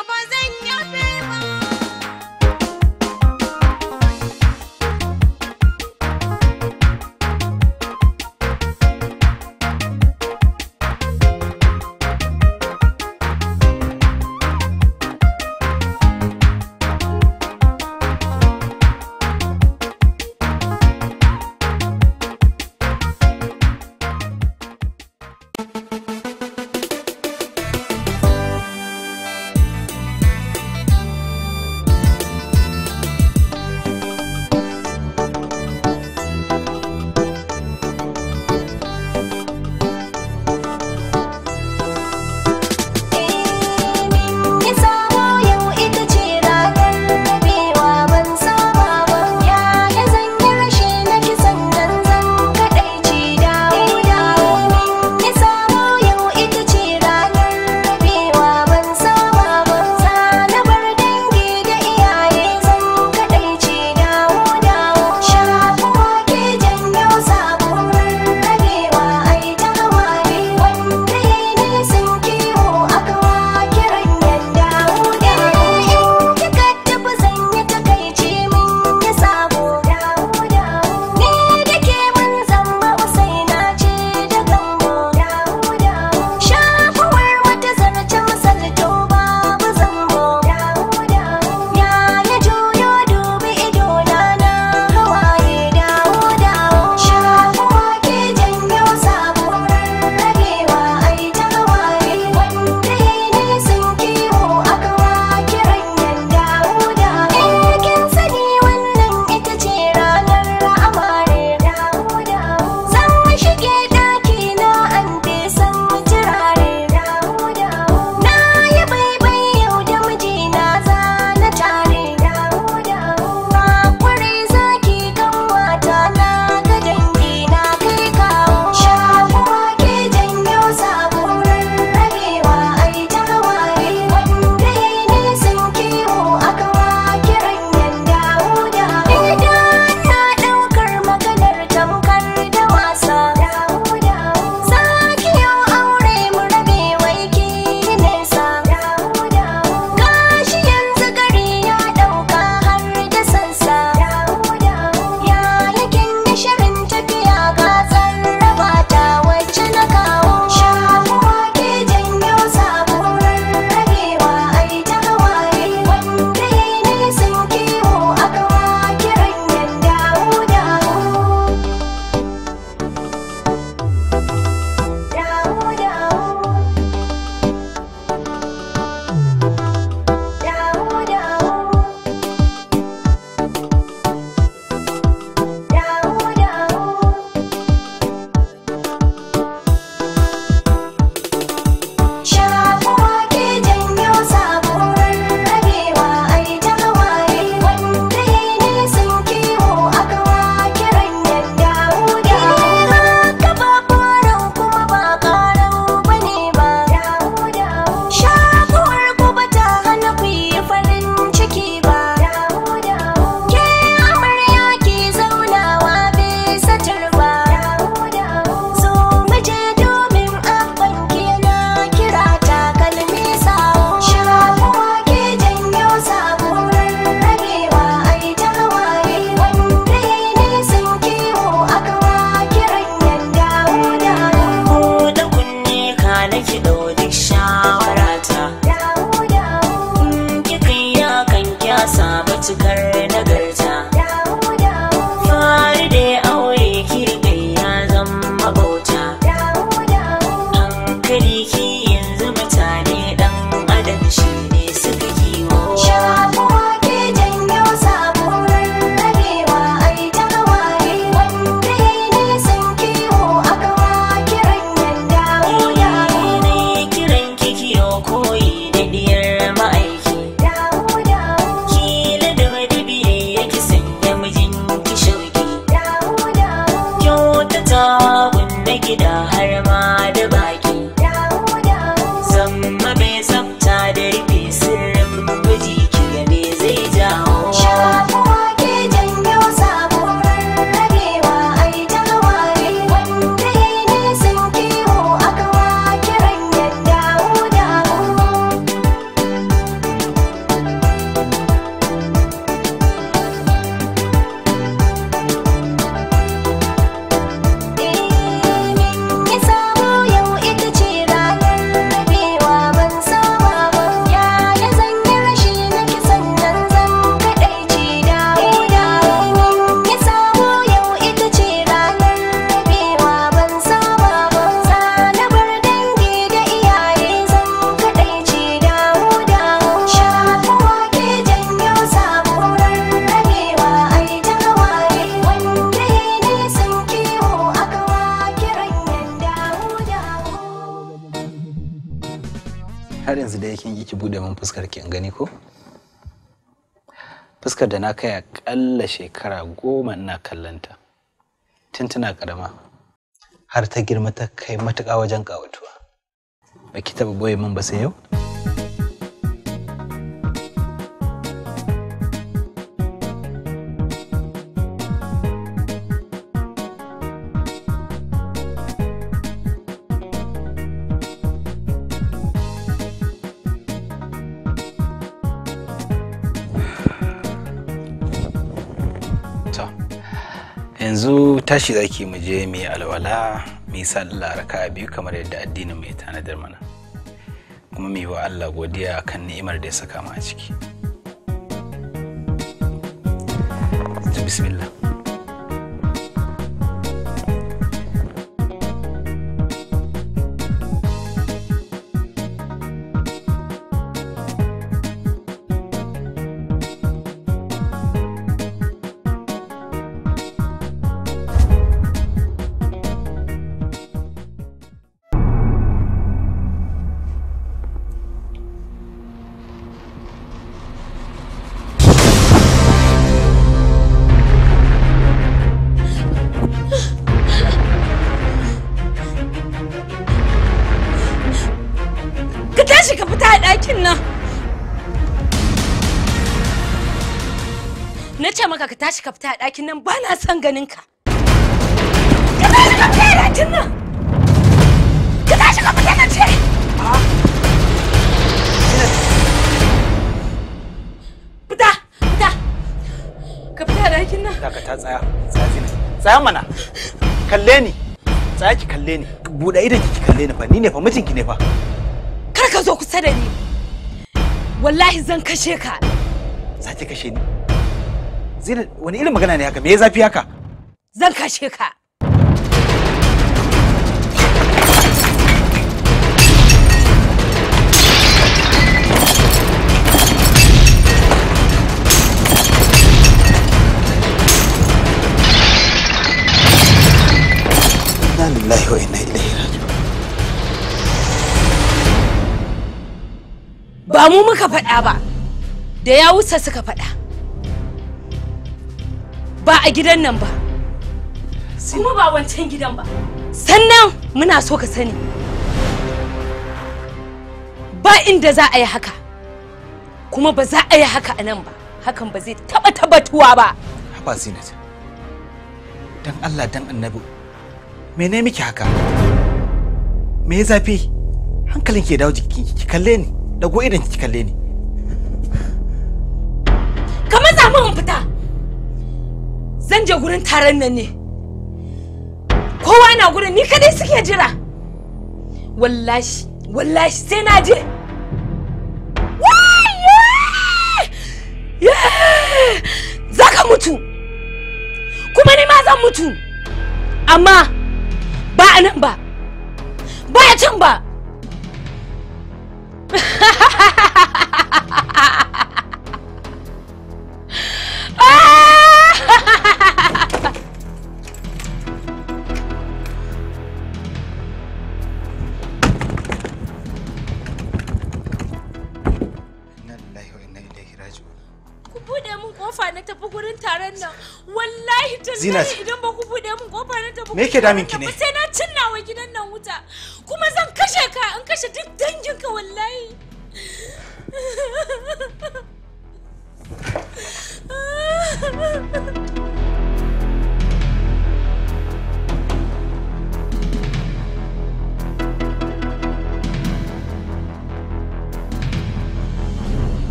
rapaziada. na kai akalla shekara goma ina kallonta tun tana karama har ta girma ta kai matuƙa wajen ƙawatuwa ba ki taɓa boye min ba sai yau tashi zaki mu je mu yi alwala mu yi sallah raka biyu kamar yadda addinin mu ya tanadar mana kuma mu yi wa Allah godiya kan ni'imar da ya saka mu a ciki bismillah tashi ka fita a ɗakin nan ba na son ganin ka. Ka tashi ka fita a ɗakin nan! Ka tashi ka fita na ce! Fita! Fita! Ka fita a ɗakin nan! Daga ta tsaya, tsaya Tsaya mana! Kalle ni! Tsaya ki kalle ni! Buɗe idan ki kalle ni fa, ni ne fa mijinki ne fa. Kar ka zo kusa da ni! Wallahi zan kashe ka! Za ki kashe ni? Zainab wani irin magana ne haka me ya zafi haka? Zan kashe ka. ba mu muka faɗa ba da ya wusa suka faɗa ba a gidan nan ba kuma ba wancan gidan ba sannan muna so ka sani ba inda za a yi haka kuma ba za a yi haka a nan ba hakan ba zai taba tabbatuwa ba haba zinat dan allah dan annabi ne miki haka me ya zafi hankalin ke dawo jikin ki kalle ni dago idan ki kalle ni ka maza mun fita zan je gurin taron nan ne kowa na gurin ni kadai suke jira wallahi wallahi sai na je za ka mutu kuma ni ma zan mutu amma ba a nan ba ba a can ba me yake damin ki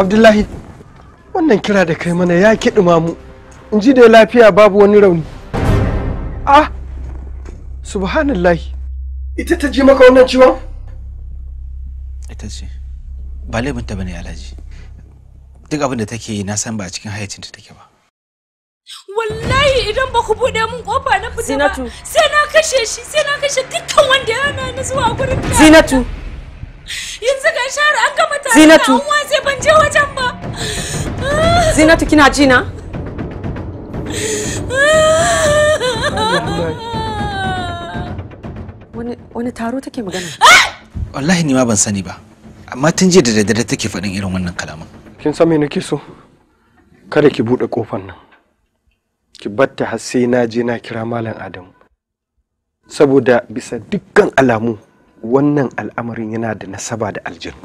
abdullahi wannan kira da kai mana ya kiɗima mu in ji da lafiya babu wani rauni ah subhanallahi ita ta ji maka wannan ciwon ita ce ba laifinta ba ne alhaji duk abin da take yi na san ba a cikin ta take ba wallahi idan ba ku buɗe mun kofa na fita ba sai na kashe shi sai na kashe dukkan wanda ya na zuwa gurin zinatu yanzu ga share an gama tare Zinatu an ban je wajen ba Zinatu kina ji na wani wani taro take magana wallahi ni ma ban sani ba amma tun jiya da daddare take faɗin irin wannan kalaman kin san me nake so kada ki buɗe kofar nan ki batta har sai na je na kira malam Adamu saboda bisa dukkan alamu wannan al'amarin yana da nasaba da aljanu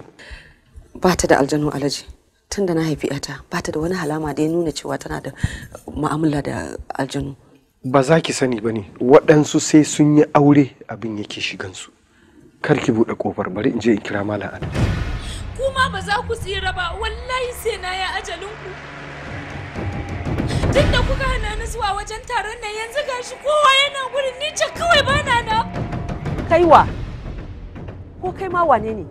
ba ta da aljanu alaji tun da na haifi ta ba ta da wani halama da ya nuna cewa tana da mu'amala da aljanu ba za ki sani ba ne waɗansu sai sun yi aure abin yake shigansu kar ki buɗe ƙofar bari in je in kira malam ana kuma ba za ku tsira ba wallahi sai na ya ajalinku tun da kuka hana ni zuwa wajen taron nan yanzu gashi kowa yana gurin ni ce kawai ba na na kaiwa ko kai ma wane ne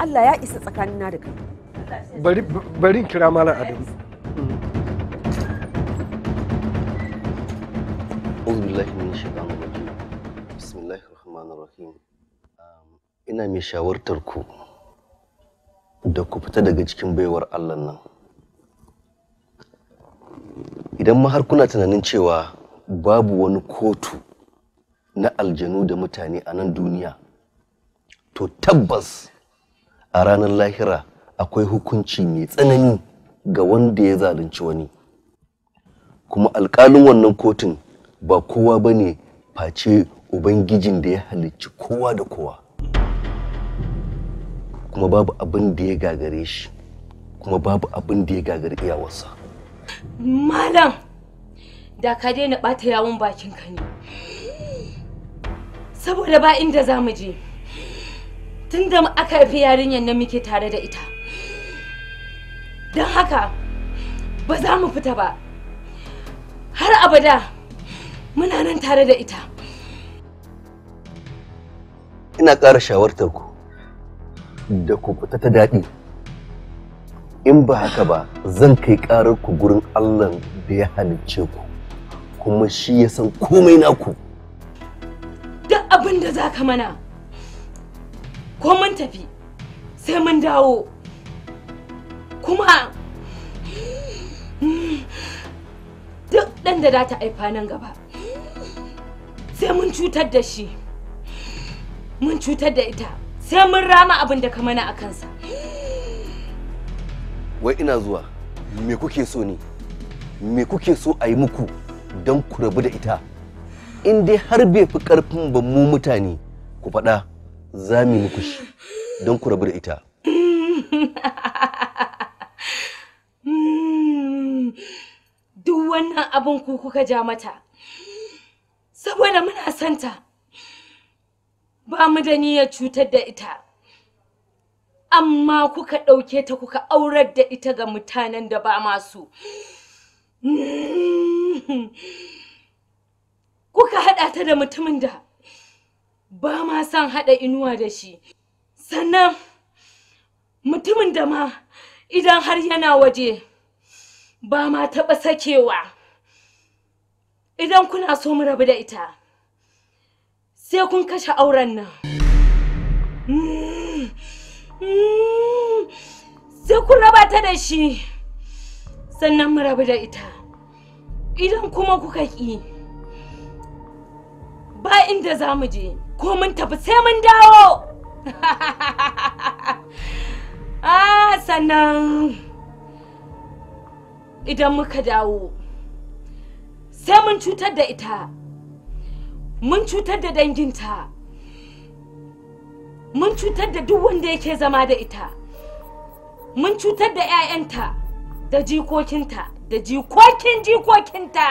Allah ya isa tsakanina da kai bari bari kira malam Adamu um, ina mai shawartar ku da ku fita daga cikin baiwar Allah nan idan ma har kuna tunanin cewa babu wani kotu na aljanu da mutane a nan duniya to tabbas a ranar lahira akwai hukunci mai tsanani ga wanda ya zalunci wani kuma alƙalin wannan kotun ba kowa ba ne face ubangijin da ya halicci kowa da kowa kuma babu abin da ya gagare shi kuma babu abin da ya gagari iyawarsa malam da ka daina ɓata yawon bakinka ne saboda ba inda za mu je tun da aka haifi yarinyar nan muke tare da ita don haka ba za mu fita ba har abada muna nan tare da ita ina ƙara shawartar ku da ku fita ta daɗi in ba haka ba zan kai ƙarar ku gurin allah da ya halicce ku kuma shi ya san komai naku duk abin da za ka mana ko mun tafi sai mun dawo kuma duk ɗan da za ta aifa nan gaba sai mun cutar da shi mun cutar da ita sai mun rama abin da ka mana a kansa wai ina zuwa me kuke so ne me kuke so a yi muku don ku rabu da ita in dai har bai fi karfin ba mu mutane ku faɗa za mu muku shi don ku rabu da ita duk wannan abin ku kuka ja mata saboda muna santa ba mu da niyyar cutar da ita amma kuka ɗauke ta kuka aurar da ita ga mutanen da ba masu kuka haɗa ta da mutumin da ba ma son haɗa inuwa da shi sannan mutumin da ma idan har yana waje ba ma taɓa sakewa idan kuna so mu rabu da ita sai kun kashe auren nan mm, mm, sai kun raba ta da shi sannan mu rabu da ita idan kuma kuka ƙi ba inda za mu je ko mun tafi sai mun dawo ah sannan idan muka dawo sai mun cutar da ita mun cutar da danginta mun cutar da duk wanda yake zama da ita mun cutar da 'ya'yanta da jikokinta da jikokin jikokinta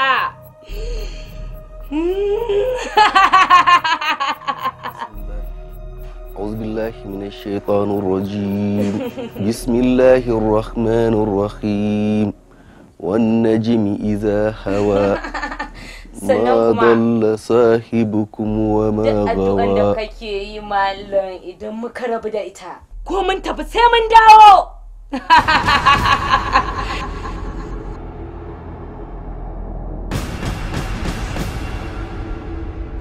أعوذ بالله من الشيطان الرجيم بسم الله الرحمن الرحيم والنجم إذا هوى ما ضل صاحبكم وما غوى ko mun tafi sai mun dawo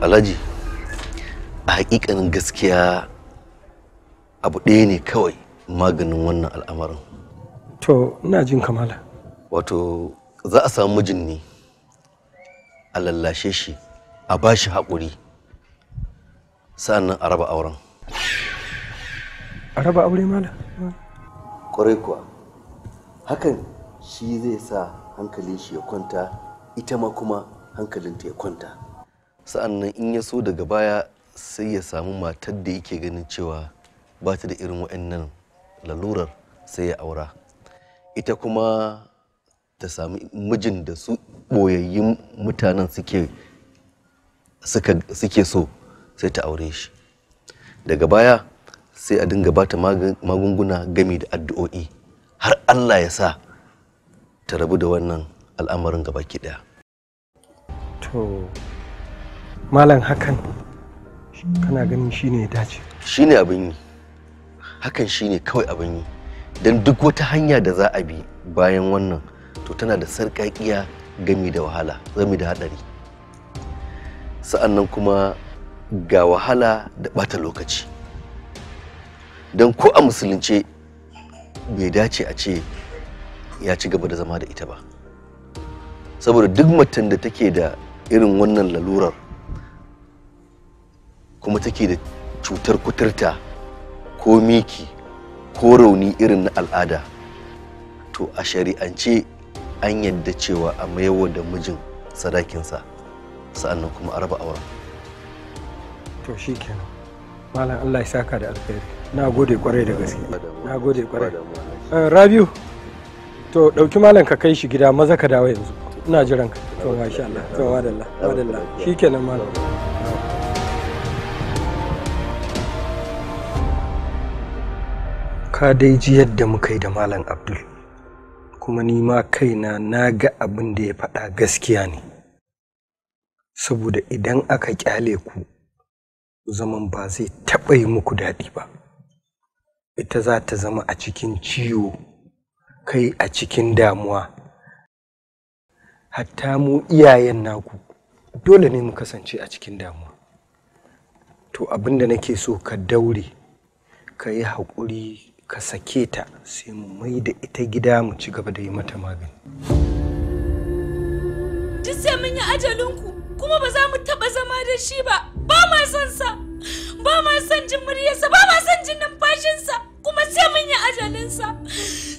alhaji a hakikanin gaskiya abu ɗaya ne kawai maganin wannan al'amarin to ina jin kamala wato za a samu mijin ne a lallashe shi a ba shi haƙuri sa'annan a raba auren a raba aure mala ƙwarai kuwa hakan shi zai sa hankalin shi ya kwanta ita ma kuma hankalinta ya kwanta sa'annan in ya so daga baya sai ya samu matar da yake ganin cewa ba ta da irin wa'annan lalurar sai ya aura ita kuma ta sami mijin da su ɓoyayyun mutanen suke so sai ta aure shi daga baya sai a dinga bata magunguna gami da addu'o'i har Allah ya sa ta rabu da wannan al'amarin gaba ki daya malam hakan kana ganin shine ya dace shine abin yi hakan shine kawai abin yi don duk wata hanya da za a bi bayan wannan to tana da sarƙaƙiya gami da wahala gami da haɗari sa'annan kuma ga wahala da bata lokaci don ko a musulunce bai dace a ce ya ci gaba da zama da ita ba saboda duk matan da take da irin wannan lalurar kuma take da cutar kuturta ko miki ko rauni irin na al'ada to a shari'ance an yadda cewa a maiwa da mijin sadakinsa sa'annan kuma a raba auren to shi kenan malam allah ya saka da alkhairi na gode kwarai da gaske na gode kwarai eh, rabiu to ɗauki malam ka kai shi gida maza ka dawo yanzu ina jiran ka to masha allah to wadalla madalla shikenan malam ka dai ji yadda muka yi da malam abdul kuma ni ma kaina na ga abin da ya faɗa gaskiya ne saboda idan aka kyale ku zaman ba zai taɓa yi muku daɗi ba ita za ta zama a cikin ciwo kai a cikin damuwa hatta mu iyayen naku dole ne mu kasance a cikin damuwa to abin da nake so ka daure ka yi haƙuri ka sake ta sai mu mai da ita gida mu ci gaba da yi mata magani duk sai mun yi ajalinku kuma ba za mu taba zama da shi ba ba ma son sa ba ma son jin muryarsa ba ma son jin numfashinsa kuma sai mun yi ajalinsa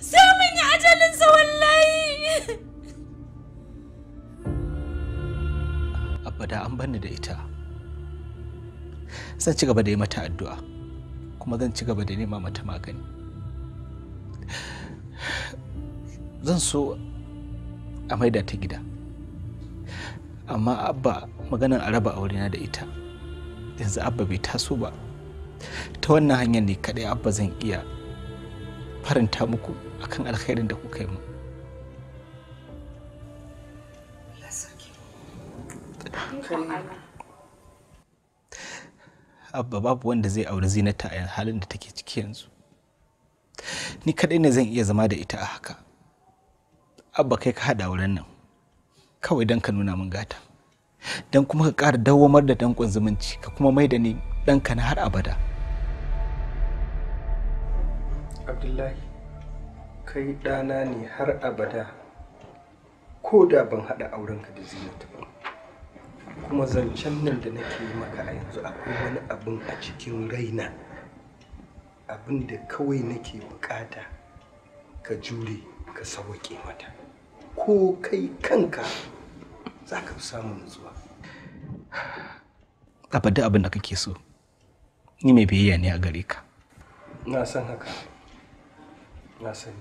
sai mun yi ajalinsa wallahi abada an bani da ita sai ci gaba da yi mata addu'a kuma zan ci gaba da nema mata magani zan so a maida ta gida amma abba maganar a raba aurena da ita yanzu abba bai taso ba ta wannan hanyar ne kaɗai abba zan iya faranta muku akan alkhairin da kuka yi mu Thank you. Abba babu wanda zai auri zinata a halin da take ciki yanzu ni kaɗai ne zan iya zama da ita a haka abba kai ka haɗa wurin nan kawai don ka nuna min gata don kuma ka ƙara dawwamar da danƙon zumunci ka kuma mai da ni ɗanka na har abada abdullahi kai ɗana ne har abada ko da ban haɗa aurenka da zinata kuma zancen nan da nake yi maka a yanzu akwai wani abin a cikin raina abin da kawai nake bukata ka jure ka sauke mata ko kai kanka za ka samu nutsuwa A faɗi abin da kake so ni mai biyayya ne a gare ka na san haka na san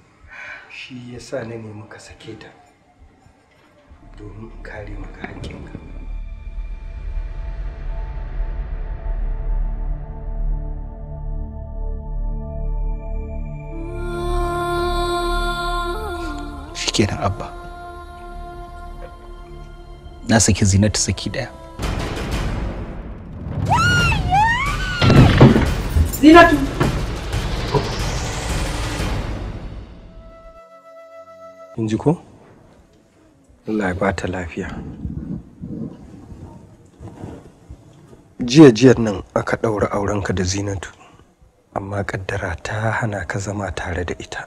shi ya sa na nemi ka sake ta domin kare maka haƙƙinka kenan abba na saki zinatu saki daya zinatu in ji ko Allah ya bata lafiya jiya jiyar nan aka ɗaura aurenka da zinatu amma ƙaddara ta hana ka zama tare da ita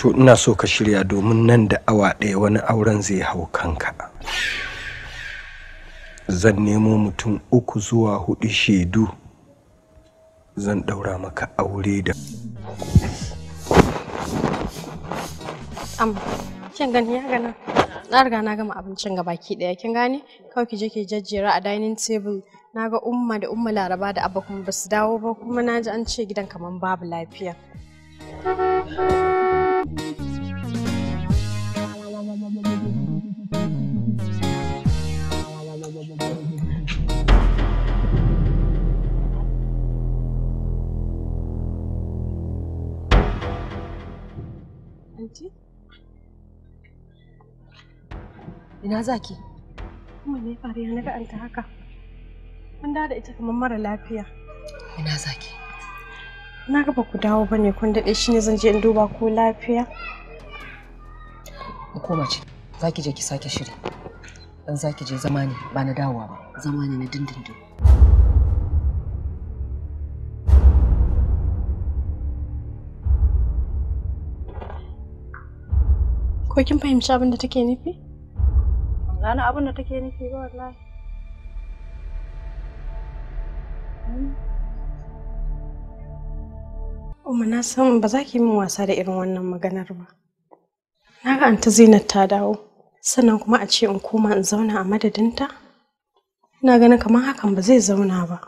to ina so ka shirya domin nan da awa ɗaya wani auren zai hau kanka zan nemo mutum uku zuwa hudu shaidu zan ɗaura maka aure da kin gani ya gana na riga na gama abincin ga baki ɗaya kin gane kawai ki je ki jajjera a dining table na ga umma da umma laraba da abba kuma ba su dawo ba kuma na ji an ce gidan kamar babu lafiya Ina za ki? Kuma ne faru ya naga anta haka? Mun da ita kamar mara lafiya. Ina za ki? na ga ku dawo ba ne kun daɗe shine zan je in duba ko lafiya hukuma ce za ki je ki sake shiri dan za ki je zama ne ba na dawowa ba zama ne na dindindin ko kin fahimci abin da take nufi gane abin da take nufi ba wallahi hmm? kuma na san ba za ki min wasa da irin wannan maganar ba. Na ga anta Zainab ta dawo, sannan kuma a ce in koma in zauna a madadinta? Ina ganin kamar hakan ba zai zauna ba.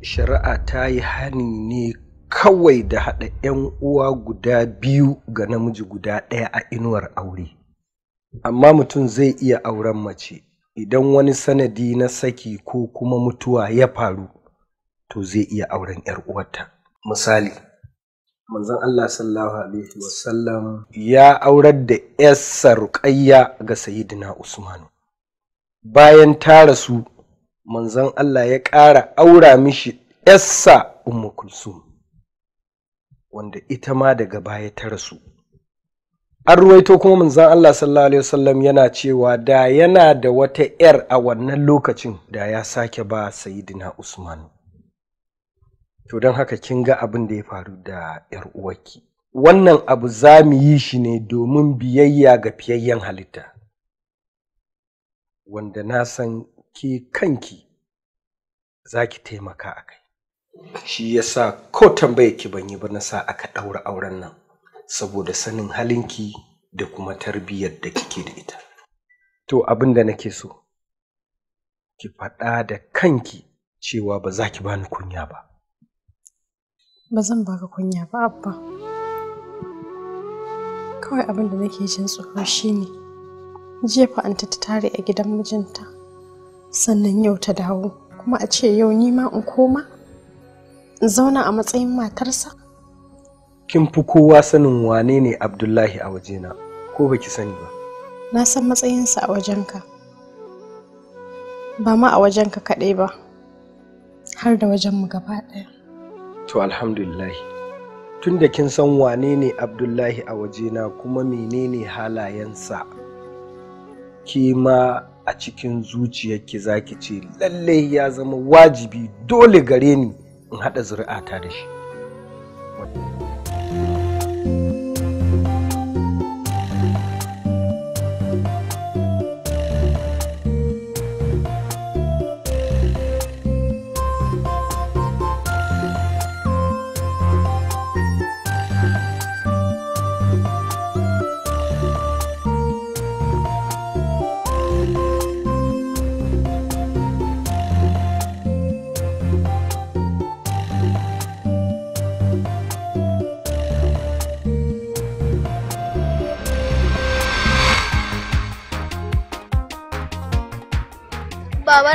Shari'a ta yi hani ne kawai da haɗa 'yan uwa guda biyu ga namiji guda ɗaya a inuwar aure amma mutum zai iya auren mace idan wani sanadi na saki ko kuma mutuwa ya faru to zai iya auren 'yar uwarta misali manzon Allah sallallahu alaihi wasallam ya aurar da yarsa Rukayya ga sayidina Usmanu. bayan ta rasu manzon Allah ya ƙara aura mishi yarsa Ummu Kulsum wanda ita ma daga baya ta rasu an ruwaito kuma manzan Allah sallallahu alaihi wasallam yana cewa da yana da wata 'yar a wannan lokacin da ya sake ba sayidina Usman to don haka kin ga abin da ya faru da 'yar uwarki wannan abu za mu yi shi ne domin biyayya ga fiyayyen halitta wanda na san ki kanki za ki taimaka a kai shi yasa ko tambayar ki ban yi ba na sa aka ɗaura auren nan saboda sanin halinki da kuma tarbiyyar da kike da ita to abin da nake so ki faɗa da kanki cewa ba za ki bani kunya ba ba zan baka kunya ba abba kawai abin da nake jin tsoro shine jefa anta ta tare a gidan mijinta sannan yau ta dawo kuma a ce yau ni ma in koma in zauna a matsayin matarsa? Kin fi kowa sanin wane ne Abdullahi a wajena, ko baki sani ba? Na san matsayinsa a wajenka. Ba ma a wajenka kaɗai ba, har da wajenmu gaba ɗaya. To alhamdulillah. Tun da kin san wane ne Abdullahi a wajena kuma menene halayensa, ki ma a cikin zuciyarki zaki ce lallai ya zama wajibi dole gare ni in haɗa zuri'ata da shi.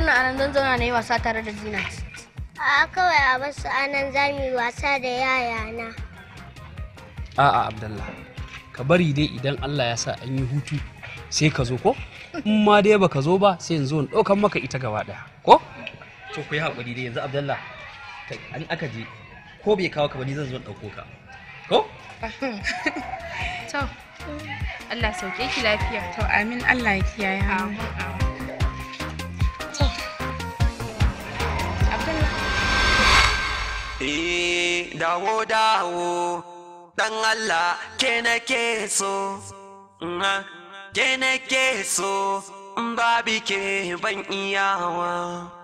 a anan zan zauna na yi wasa tare da Zina. A'a kawai a basu anan za mu yi wasa da yayana. A'a Abdallah, ka bari dai idan Allah ya sa an yi hutu sai ka zo ko? In ma dai baka zo ba sai yanzu in ɗaukan maka ita gaba ɗaya ko? To ku yi haƙuri dai yanzu Abdallah an aka je ko bai kawo ka ba ni zan zo in ɗauko ka ko? To Allah sauke ki lafiya. To amin Allah ya kiyaye. Amin. Eh, dawo dawo, ɗan Allah ke na ke so, ke ke so, babi ke ban iyawa.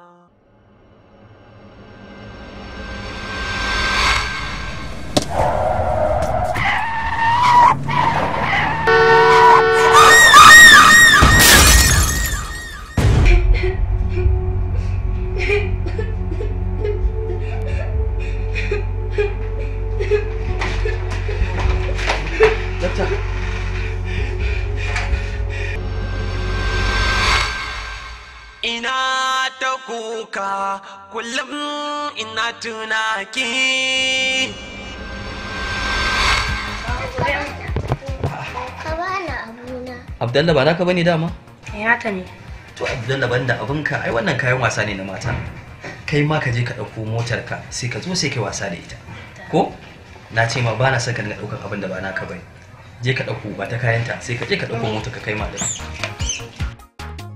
tunaki abdullahi ba naka bane dama? Ya eh, ta ne. To abdullahi ban da abinka ai wannan kayan wasa ne na mata. Kai ma ka je ka ɗauko motar ka sai ka zo sai kai wasa da ita. Ko? Na ce ma ba na son ka dinga ɗaukan abin da ba naka bane. Je ka ɗauko ba ta kayanta sai ka je ka ɗauko motar ka kai ma da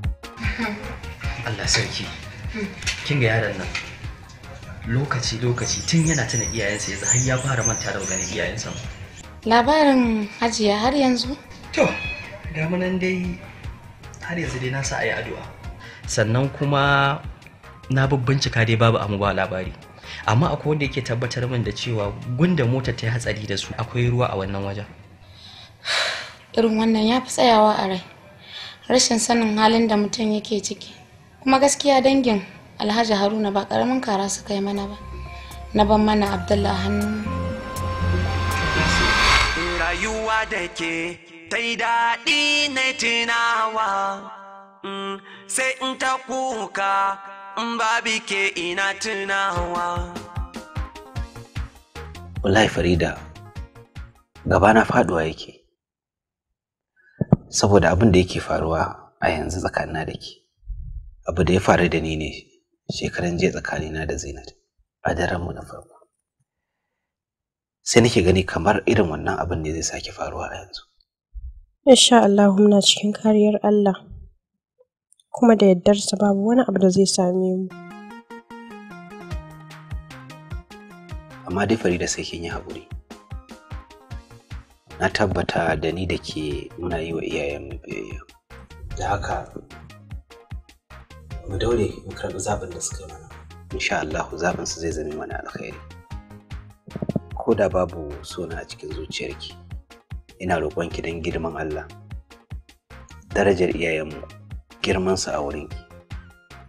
Allah sarki. Kin ga yaron nan. lokaci-lokaci tun yana tuna iyayensa yanzu har ya fara manta da ganin iyayensa labarin hajiya har yanzu to nan dai har yanzu dai na sa a yi addu'a sannan kuma na bincika dai babu amu ba labari amma akwai wanda yake tabbatar min da cewa gunda mota ta yi hatsari da su akwai ruwa a wannan wajen irin wannan ya fi tsayawa a rai rashin sanin halin da mutum yake ciki kuma gaskiya dangin alhaji haruna ba karamin kara suka kai mana ba na ban mana abdullah hannu rayuwa da ke ta yi daɗi na tunawa mm, sai in ta kuka in ba ke ina tunawa wallahi farida gaba na faduwa yake saboda abin da yake faruwa a yanzu tsakanina da ke abu da ya faru da ni ne shekaran jiya na da Zainat a daren mu na farko sai nake gani kamar irin wannan abin ne zai sake faruwa a yanzu insha Allah muna cikin kariyar Allah kuma da yardarsa babu wani abu da zai same mu amma dai Farida sai kin yi haƙuri na tabbata da ni da ke muna yi wa iyayen mu biyayya da haka mu daure mu karɓi zaɓin da suka yi mana insha Allah zaɓin su zai zame mana alkhairi ko da babu suna a cikin zuciyarki ina ki don girman Allah darajar iyayenmu girmansu a wurin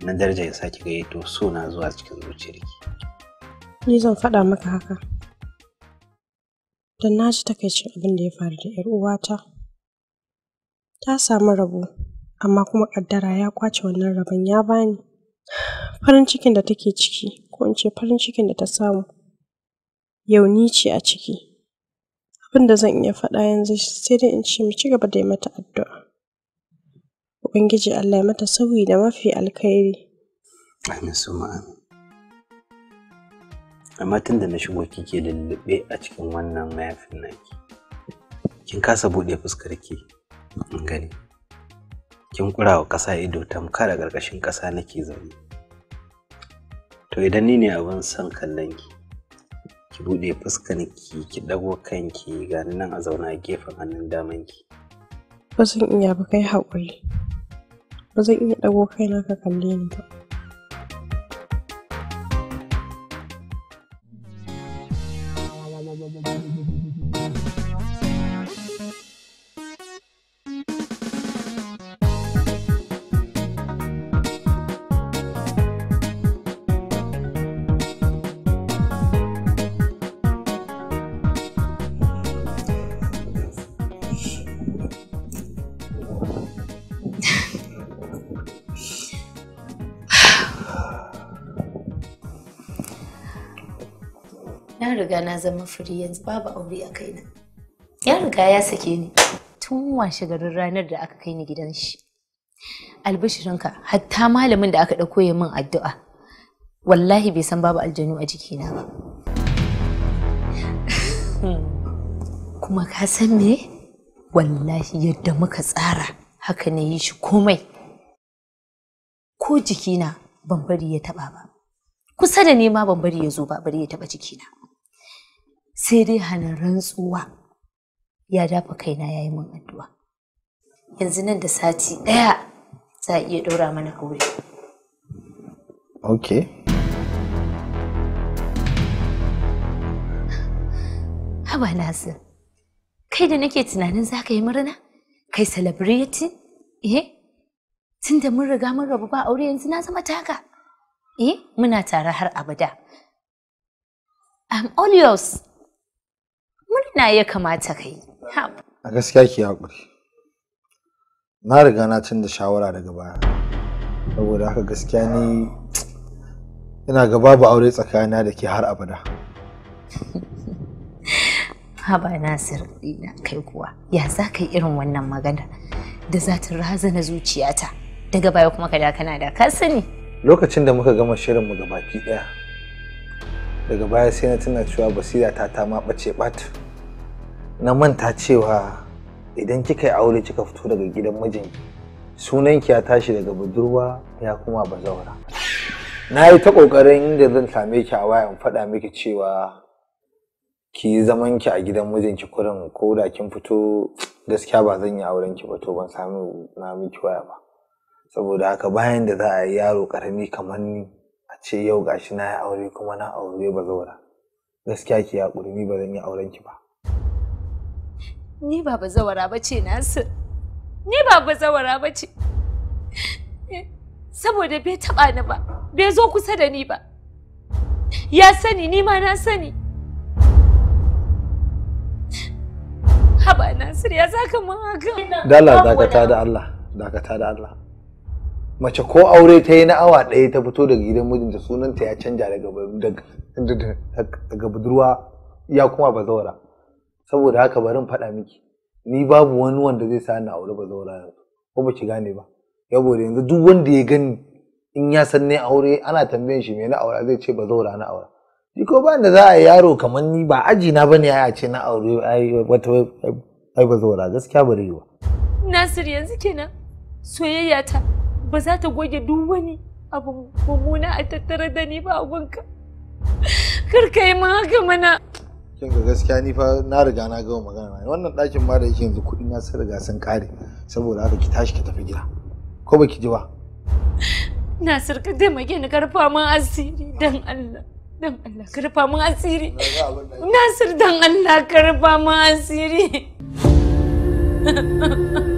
na daraja ya sake gayyato suna zuwa cikin zuciyarki ni zan faɗa maka haka Dan na ji takaicin abin da ya faru da 'yar uwata ta samu rabo amma kuma ƙaddara ya ƙwace wannan rabon ya bani farin cikin da take ciki ko in ce farin cikin da ta samu yau ni ce a ciki abin da zan iya faɗa yanzu sai dai in ce mu ci gaba da yi mata addu'a ubangiji Allah ya mata sauyi da mafi alkhairi amin suma amin amma tun da na shigo kike lullube a cikin wannan mayafin naki kin kasa buɗe fuskar ki gani kin kura wa ƙasa ido tamkar a ƙarƙashin ƙasa nake zaune to idan ni ne abin son kallon ki ki buɗe fuskanki ki ɗago kanki ga nan a zauna gefen hannun daman ki ba zan iya ba kai haƙuri ba zan iya ɗago kaina ka kalle ni ba na riga na zama firi yanzu babu aure a kaina ya riga ya sake ni tun washe garin ranar da aka kai ni gidan shi albishirinka hatta malamin da aka ɗauko ya min addu'a wallahi bai san babu aljanu a jikina ba kuma ka san me wallahi yadda muka tsara haka na yi shi komai ko jikina ban bari ya taba ba kusa da nema ban bari ya zo ba bari ya taba jikina sai dai hana rantsuwa ya dafa kaina ya yi min addu'a yanzu nan da sati ɗaya za a iya ɗora mana aure Okay. haba nasir kai da nake tunanin za ka yi murna kai celebrity eh tun da mun riga mun rabu ba aure yanzu na zama taka eh muna tare har abada I'm all yours. murna ya kamata ka yi a gaskiya ki haƙuri na riga na canza shawara daga baya saboda haka gaskiya ni ina ga babu aure tsakanina da ke har abada haba sirri na, kai kuwa ya za ka yi irin wannan magana da za ta razana zuciyata daga baya kuma ka da kana da ka sani lokacin da muka gama shirinmu ga baki ɗaya daga baya sai na tuna cewa basira ta ta ma ɓace ɓat na manta cewa idan kika yi aure kika fito daga gidan mijinki sunanki ya tashi daga budurwa ya kuma bazawara na yi ta ƙoƙarin inda zan same ki a waya in faɗa miki cewa ki yi zaman ki a gidan mijinki kurin ko da kin fito gaskiya ba zan yi auren ki ba to ban sami na miki waya ba saboda haka bayan da za a yi yaro ƙarami kamar ni a ce yau gashi na yi aure kuma na aure ba zaura gaskiya ki haƙuri ni ba zan yi auren ki ba ni ba zaura ba ce nasu ni ba zaura ba ce saboda bai taɓa ni ba bai zo kusa da ni ba ya sani ni ma na sani haba nasir ya zaka mun haka dakata da Allah dakata da Allah mace ko aure ta yi na awa ɗaya ta fito daga gidan mijinta sunanta ya canja daga budurwa ya kuma bazawara saboda haka barin faɗa miki ni babu wani wanda zai sa na aure bazawara yanzu ko ba ki gane ba saboda yanzu duk wanda ya gani in ya san ne aure ana tambayan shi me na aure zai ce bazawara na aure ni ko ba da za a yaro kamar ni ba aji na bane ya ce na aure ai wata ai bazawara gaskiya ba yiwa Nasir yanzu kenan soyayya ta ba za ta goge duk wani abu mummuna a tattare da ni ba ka kar ka yi min haka mana kin ga gaskiya ni fa na riga na gama magana wannan ɗakin ma da yake yanzu kudi na sun riga sun ƙare saboda haka ki tashi ki tafi gida ko ba ki ji ba Nasir ka mage ni karfa min asiri dan Allah dan Allah karfa min asiri Nasir dan Allah karfa min asiri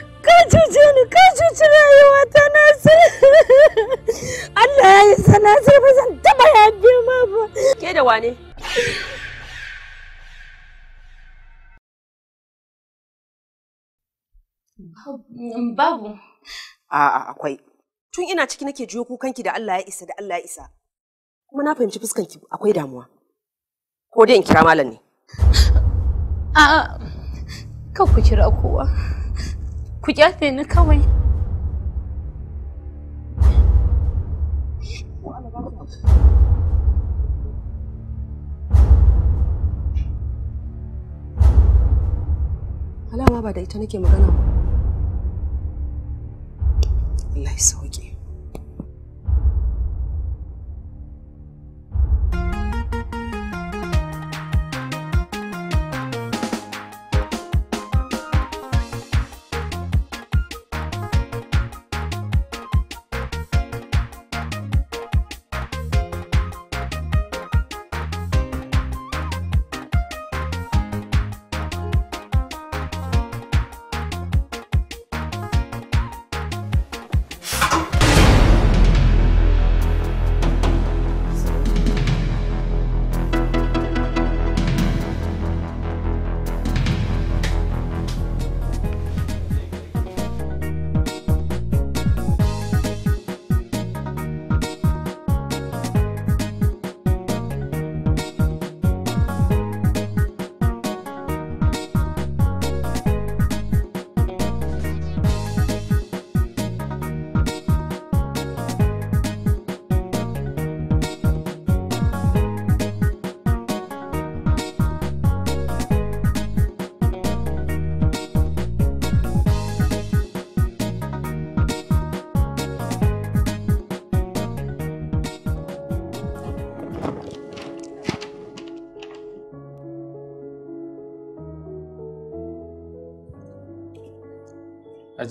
ka cuce ni ka cuci ta nasir Allah ya yi sanasir ba zan taba yafe ma ba ke da wane babu a'a akwai tun ina ciki nake jiyo kukanki da Allah ya isa da Allah ya isa kuma na fahimci fuskanki akwai damuwa ko dai in kira malam ne a'a kan ku kira kowa ku kyafe ni kawai alama ba da ita nake magana ba Allah ya sauke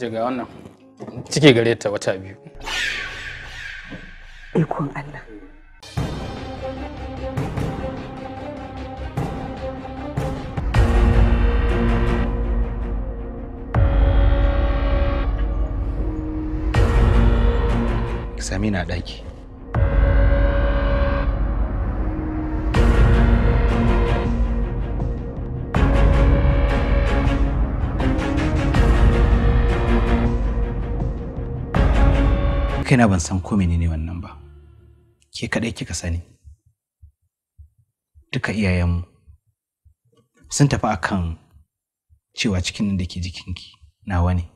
ce ga wannan cike gare ta wata biyu ikon Allah Sami na daki. kaina ban san ko menene wannan ba ke kaɗai kika sani duka iyayenmu sun tafi akan cewa cikin da ke jikinki nawa ne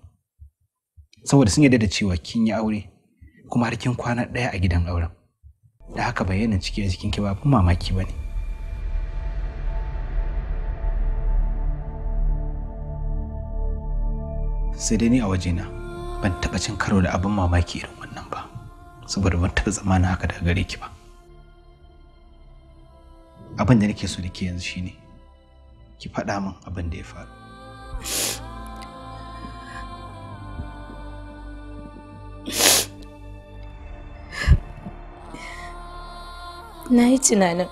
saboda sun yarda da cewa kin yi aure kuma har kin kwana ɗaya a gidan auren da haka bayyana ciki a jikinki ba abin mamaki ba ne sai dai ni a wajena ban taɓa cin karo da abin mamaki irin wannan ba saboda wata taɓa na haka daga gare ki ba abin da nake so da ke yanzu shine ki faɗa min abin da ya faru na yi tunanin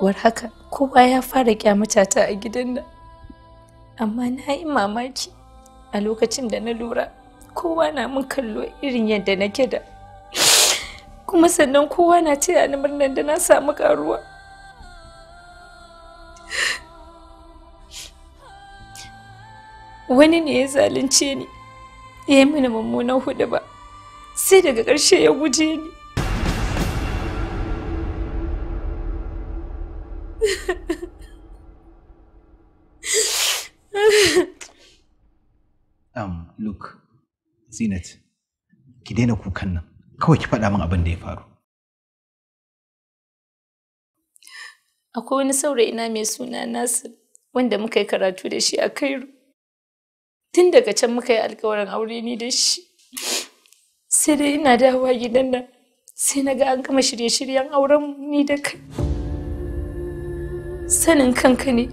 war haka kowa ya fara kyamata ta a gidan nan amma na yi mamaki a lokacin da na lura kowa na mun kallo irin yadda nake da kuma sannan kowa na ce ni murnar da na samu karuwa wani ne ya zalunce ni ya yi mini mummunan hudu ba sai daga ƙarshe ya guje ni um, look Zinat, ki daina kukan nan, kawai ki faɗa min abin da ya faru. Akwai wani saurayina mai suna nasu wanda muka yi karatu da shi a kairu Tun daga can muka yi alkawarin aure ni da shi. Sai dai ina dawowa gidan nan sai na ga an gama shirye-shiryen auren ni da kai. Sanin kanka ne,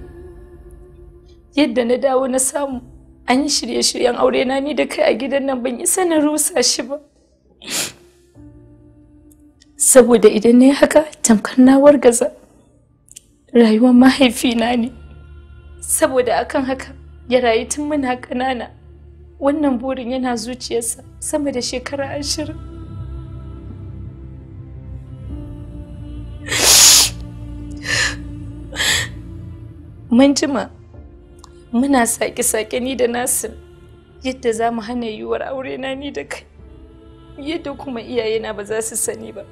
yadda na dawo na samu. an yi shirye-shiryen aure na ni da kai a gidan nan ban isa na rusa shi ba saboda idan na haka tamkar na wargaza rayuwar mahaifina ne saboda akan haka ya rayu tun muna ƙanana wannan burin yana zuciyarsa sama da shekara ashirin mun jima muna sake-sake ni da Nasir yadda za mu hana yiwuwar aure na ni da kai yadda kuma iyayena ba za su sani ba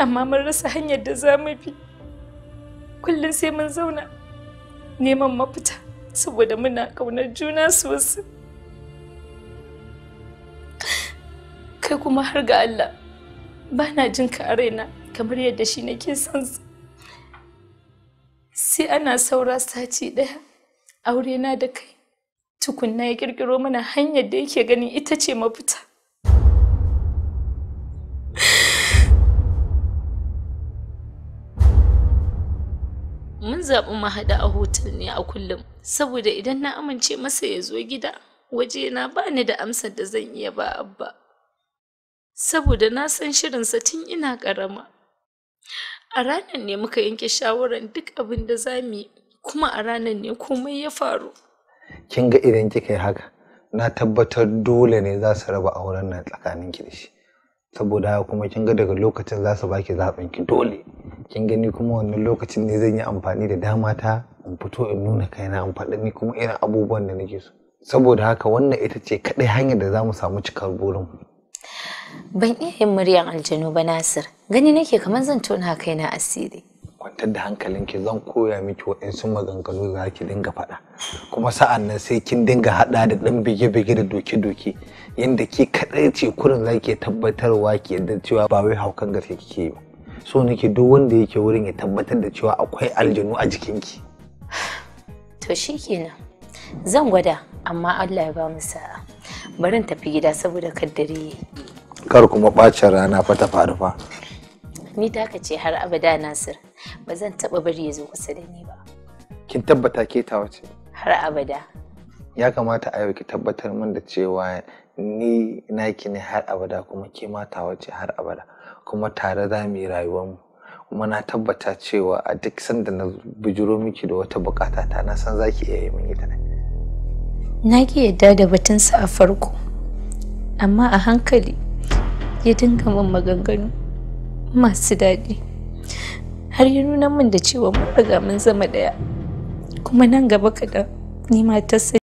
amma mun rasa hanyar da za mu bi kullum sai mun zauna neman mafita saboda muna kaunar juna sosai kai kuma har ga Allah ba na jin ka a raina kamar yadda shi nake son sai ana saura sati ɗaya aure na da kai tukunna ya kirkiro mana hanyar da yake gani ita ce mafita mun zaɓi mu haɗu a hotel ne a kullum saboda idan na amince masa ya zo gida wajena ba ni da amsar da zan iya ba abba saboda na san shirinsa tun ina ƙarama a ranar ne muka yanke shawarar duk abin da za mu yi kuma a ranar ne komai ya faru kin ga idan kika yi haka na tabbatar dole ne za su raba auren nan tsakanin ki da shi saboda haka kuma kin ga daga lokacin za su baki zaɓin ki dole kin gani kuma wannan lokacin ne zan yi amfani da dama ta in fito in nuna kaina in ni kuma irin abubuwan da nake so saboda haka wannan ita ce kaɗai hanyar da za mu samu cikar burin ban iya yin muryan aljanu ba nasir gani nake kamar zan tona kaina asiri kwantar da hankalinki zan koya miki waɗansu maganganu za ki dinga faɗa kuma sa'an nan sai kin dinga haɗa da ɗan bige-bige da doke-doke yadda ki kaɗai ce kurin za ki wa ki yadda cewa ba wai haukan gaske kike yi ba so nake duk wanda yake wurin ya tabbatar da cewa akwai aljanu a jikinki to shi kenan zan gwada amma Allah ya ba mu sa'a bari tafi gida saboda kaddare kar kuma ɓacin rana fa ta faru fa ni taka ce har abada Nasir ba zan taba bari ya zo kusa da ni ba kin tabbata ke ta wace har abada ya kamata a yau ki tabbatar min da cewa ni naki ne har abada kuma ke ma ta wace har abada kuma tare za mu yi rayuwar mu kuma na tabbata cewa a duk sanda na bijiro miki da wata bukata ta na san zaki iya yi min ita ne na ki yadda da batunsa a farko amma a hankali ya dinga min maganganu masu daɗi har ya nuna min da cewa mun riga mun zama ɗaya kuma nan gaba kaɗan ni ma ta